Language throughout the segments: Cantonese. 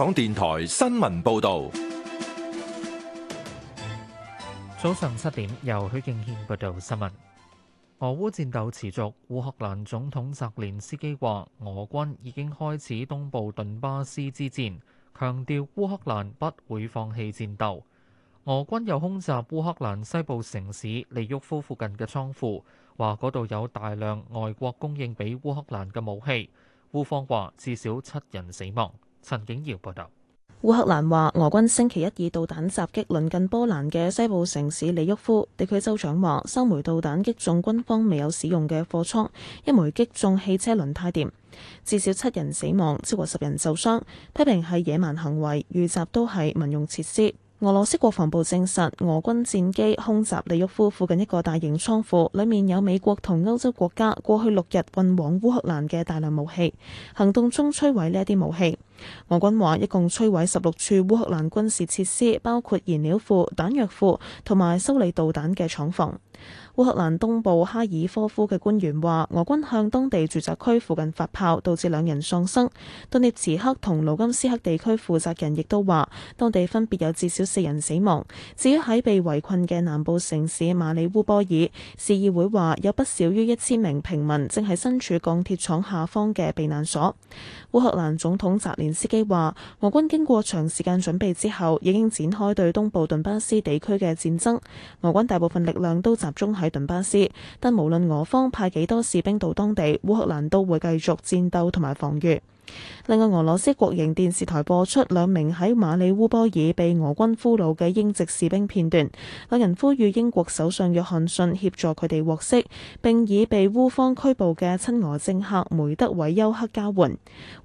港電台新聞報道，早上七點由許敬軒報道新聞。俄烏戰鬥持續，烏克蘭總統澤連斯基話，俄軍已經開始東部頓巴斯之戰，強調烏克蘭不會放棄戰鬥。俄軍又轟炸烏克蘭西部城市利沃夫附近嘅倉庫，話嗰度有大量外國供應俾烏克蘭嘅武器。烏方話至少七人死亡。陳景耀報道，烏克蘭話俄軍星期一以導彈襲擊鄰近波蘭嘅西部城市利沃夫。地區州長話，三枚導彈擊中軍方未有使用嘅貨倉，一枚擊中汽車輪胎店，至少七人死亡，超過十人受傷，批評係野蠻行為，遇襲都係民用設施。俄羅斯國防部證實，俄軍戰機空襲利沃夫附近一個大型倉庫，裏面有美國同歐洲國家過去六日運往烏克蘭嘅大量武器。行動中摧毀呢一啲武器。俄軍話，一共摧毀十六處烏克蘭軍事設施，包括燃料庫、彈藥庫同埋修理導彈嘅廠房。烏克蘭東部哈爾科夫嘅官員話，俄軍向當地住宅區附近發炮，導致兩人喪生。頓涅茨克同盧甘斯克地區負責人亦都話，當地分別有至少四人死亡。至於喺被圍困嘅南部城市馬里烏波爾，市議會話有不少於一千名平民正喺身處鋼鐵廠下方嘅避難所。烏克蘭總統澤連斯基話，俄軍經過長時間準備之後，已經展開對東部頓巴斯地區嘅戰爭。俄軍大部分力量都集中喺頓巴斯，但無論俄方派幾多士兵到當地，烏克蘭都會繼續戰鬥同埋防禦。另外，俄羅斯國營電視台播出兩名喺馬里烏波爾被俄軍俘虜嘅英籍士兵片段，兩人呼籲英國首相約翰遜協助佢哋獲釋，並以被烏方拘捕嘅親俄政客梅德韋丘克交換。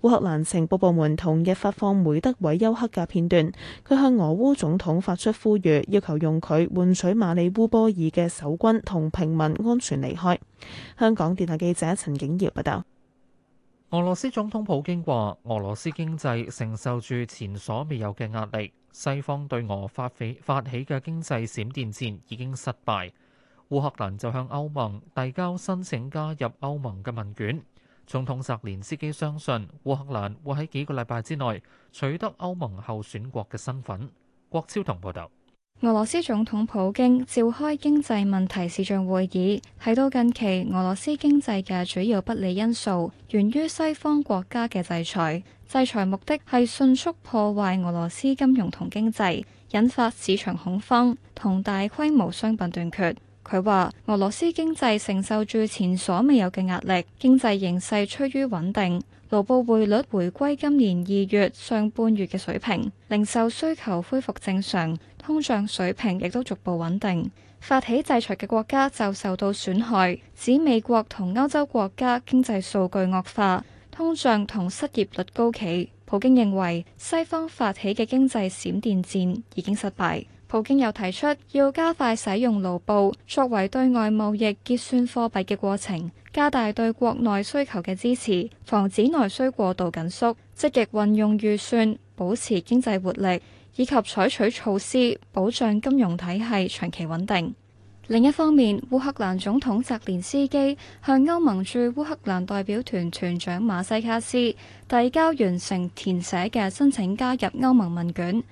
烏克蘭情報部門同日發放梅德韋丘克嘅片段，佢向俄烏總統發出呼籲，要求用佢換取馬里烏波爾嘅守軍同平民安全離開。香港電台記者陳景耀報道。俄羅斯總統普京話：俄羅斯經濟承受住前所未有嘅壓力，西方對俄發起起嘅經濟閃電戰已經失敗。烏克蘭就向歐盟遞交申請加入歐盟嘅問卷。總統澤連斯基相信烏克蘭會喺幾個禮拜之內取得歐盟候選國嘅身份。郭超同報道。俄羅斯總統普京召開經濟問題視像會議，提到近期俄羅斯經濟嘅主要不利因素源於西方國家嘅制裁。制裁目的係迅速破壞俄羅斯金融同經濟，引發市場恐慌同大規模商品短缺。佢話俄羅斯經濟承受住前所未有嘅壓力，經濟形勢趨於穩定。盧布匯率回歸今年二月上半月嘅水平，零售需求恢復正常。通脹水平亦都逐步穩定。發起制裁嘅國家就受到損害，指美國同歐洲國家經濟數據惡化，通脹同失業率高企。普京認為西方發起嘅經濟閃電戰已經失敗。普京又提出要加快使用盧布作為對外貿易結算貨幣嘅過程，加大對國內需求嘅支持，防止內需過度緊縮，積極運用預算，保持經濟活力，以及採取措施保障金融體系長期穩定。另一方面，烏克蘭總統澤連斯基向歐盟駐烏克蘭代表團團長馬西卡斯遞交完成填寫嘅申請加入歐盟問卷。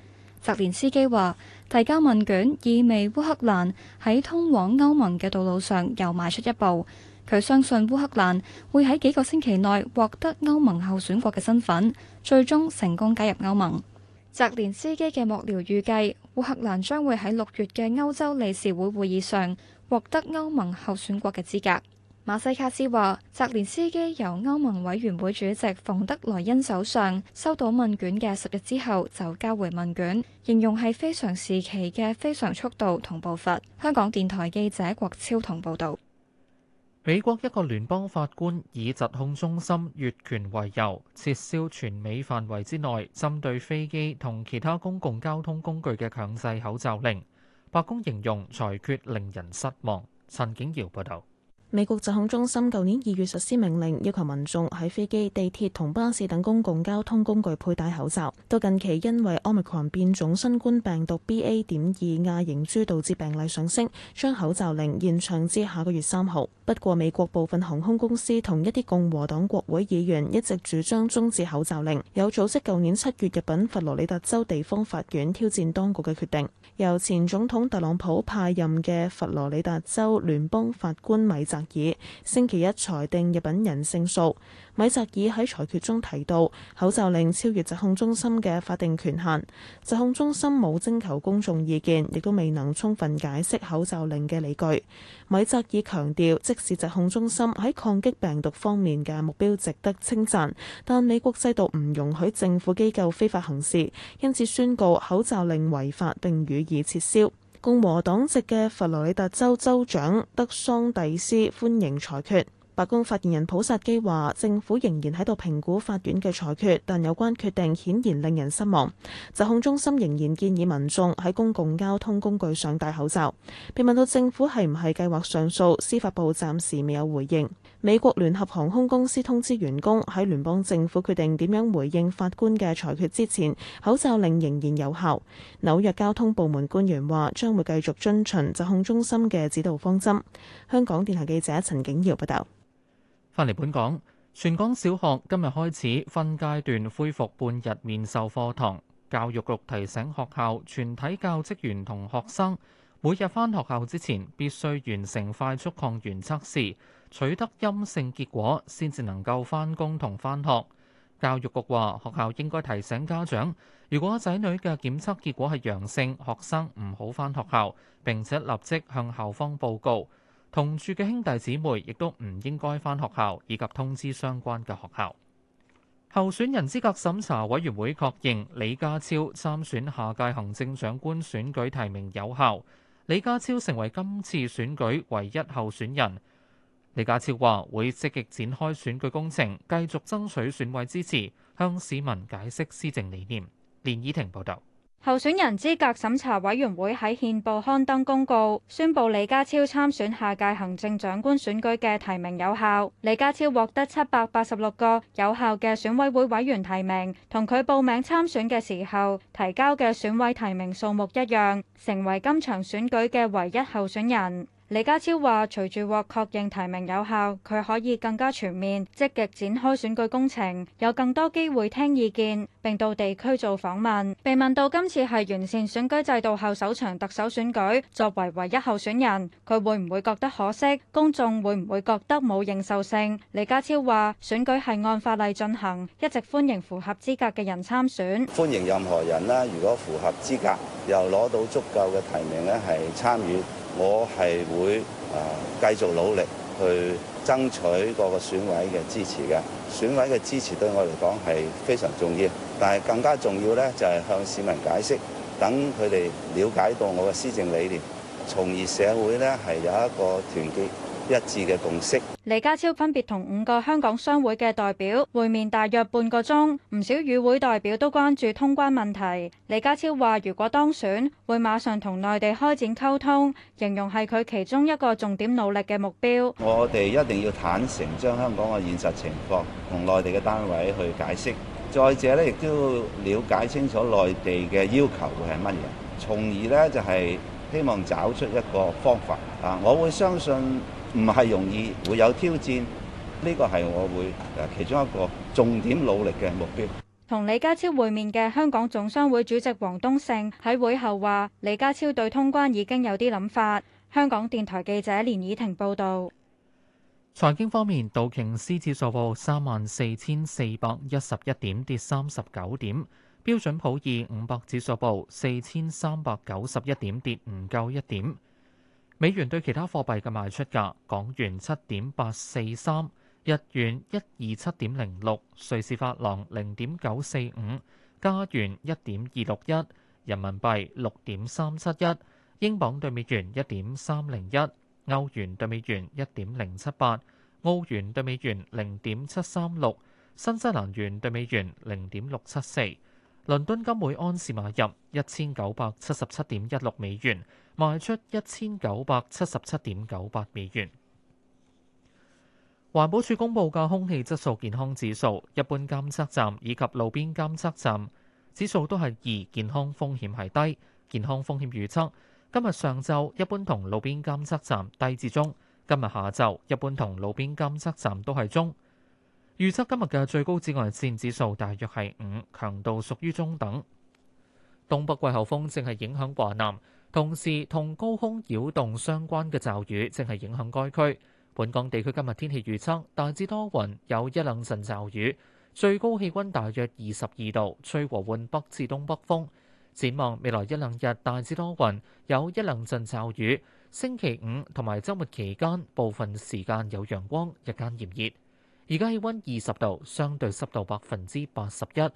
澤連斯基話：遞交問卷意味烏克蘭喺通往歐盟嘅道路上又邁出一步。佢相信烏克蘭會喺幾個星期內獲得歐盟候選國嘅身份，最終成功加入歐盟。澤連斯基嘅幕僚預計烏克蘭將會喺六月嘅歐洲理事會會議上獲得歐盟候選國嘅資格。馬西卡斯話澤連斯基由歐盟委員會主席馮德萊恩手上收到問卷嘅十日之後就交回問卷，形容係非常時期嘅非常速度同步伐。香港電台記者郭超同報道。美國一個聯邦法官以疾控中心越權為由，撤銷全美範圍之內針對飛機同其他公共交通工具嘅強制口罩令。白宮形容裁決令人失望。陳景瑤報導。美國疾控中心舊年二月實施命令，要求民眾喺飛機、地鐵同巴士等公共交通工具佩戴口罩。到近期因為奧密克戎變種新冠病毒 BA. 點二亞型株導致病例上升，將口罩令延長至下個月三號。不過美國部分航空公司同一啲共和黨國會議員一直主張終止口罩令，有組織舊年七月入禀佛羅里達州地方法院挑戰當局嘅決定。由前總統特朗普派任嘅佛羅里達州聯邦法官米澤。以星期一裁定日本人勝訴，米澤爾喺裁決中提到，口罩令超越疾控中心嘅法定權限，疾控中心冇徵求公眾意見，亦都未能充分解釋口罩令嘅理據。米澤爾強調，即使疾控中心喺抗擊病毒方面嘅目標值得稱讚，但美國制度唔容許政府機構非法行事，因此宣告口罩令違法並予以撤銷。共和黨籍嘅佛羅里達州州長德桑蒂斯歡迎裁決。白宮發言人普薩基話：政府仍然喺度評估法院嘅裁決，但有關決定顯然令人失望。疾控中心仍然建議民眾喺公共交通工具上戴口罩。被問到政府係唔係計劃上訴，司法部暫時未有回應。美國聯合航空公司通知員工喺聯邦政府決定點樣回應法官嘅裁決之前，口罩令仍然有效。紐約交通部門官員話將會繼續遵循疾控中心嘅指導方針。香港電台記者陳景堯報道。返嚟本港，全港小學今日開始分階段恢復半日面授課堂。教育局提醒學校全體教職員同學生，每日返學校之前必須完成快速抗原測試，取得陰性結果先至能夠返工同返學。教育局話，學校應該提醒家長，如果仔女嘅檢測結果係陽性，學生唔好返學校，並且立即向校方報告。同住嘅兄弟姊妹亦都唔應該翻學校，以及通知相關嘅學校。候選人資格審查委員會確認李家超參選下屆行政長官選舉提名有效，李家超成為今次選舉唯一候選人。李家超話會積極展開選舉工程，繼續爭取選委支持，向市民解釋施政理念。連倚婷報道。候選人資格審查委員會喺憲報刊登公告，宣布李家超參選下屆行政長官選舉嘅提名有效。李家超獲得七百八十六個有效嘅選委會委員提名，同佢報名參選嘅時候提交嘅選委提名數目一樣，成為今場選舉嘅唯一候選人。李家超話：，隨住獲確認提名有效，佢可以更加全面積極展開選舉工程，有更多機會聽意見，並到地區做訪問。被問到今次係完善選舉制度後首場特首選舉，作為唯一候選人，佢會唔會覺得可惜？公眾會唔會覺得冇認受性？李家超話：，選舉係按法例進行，一直歡迎符合資格嘅人參選，歡迎任何人啦，如果符合資格又攞到足夠嘅提名咧，係參與。我係會啊，繼續努力去爭取個個選委嘅支持嘅。選委嘅支持對我嚟講係非常重要，但係更加重要咧就係向市民解釋，等佢哋了解到我嘅施政理念，從而社會咧係有一個團結一致嘅共識，李家超分別同五個香港商會嘅代表會面，大約半個鐘，唔少與會代表都關注通關問題，李家超話如果當選會馬上同內地開展溝通，形容係佢其中一個重點努力嘅目標，我哋一定要坦誠將香港嘅現實情況同內地嘅單位去解釋，再者咧，亦都要了解清楚內地嘅要求會係乜嘢，從而咧就係、是、希望找出一個方法。啊，我會相信。唔係容易會有挑戰，呢個係我會誒其中一個重點努力嘅目標。同李家超會面嘅香港總商會主席王東勝喺會後話，李家超對通關已經有啲諗法。香港電台記者連倚婷報道。財經方面，道瓊斯指數報三萬四千四百一十一點，跌三十九點；標準普爾五百指數報四千三百九十一點，跌唔夠一點。美元對其他貨幣嘅賣出價：港元七點八四三，日元一二七點零六，瑞士法郎零點九四五，加元一點二六一，人民幣六點三七一，英鎊對美元一點三零一，歐元對美元一點零七八，澳元對美元零點七三六，新西蘭元對美元零點六七四。倫敦金每安士買入一千九百七十七點一六美元，賣出一千九百七十七點九八美元。環保署公布嘅空氣質素健康指數，一般監測站以及路邊監測站指數都係二，健康風險係低。健康風險預測今日上晝一般同路邊監測站低至中，今日下晝一般同路邊監測站都係中。預測今日嘅最高紫外線指數大約係五，強度屬於中等。東北季候風正係影響華南，同時同高空擾動相關嘅驟雨正係影響該區。本港地區今日天氣預測大致多雲，有一兩陣驟雨，最高氣溫大約二十二度，吹和緩北至東北風。展望未來一兩日大致多雲，有一兩陣驟雨。星期五同埋週末期間，部分時間有陽光，日間炎熱。而家氣溫二十度，相對濕度百分之八十一。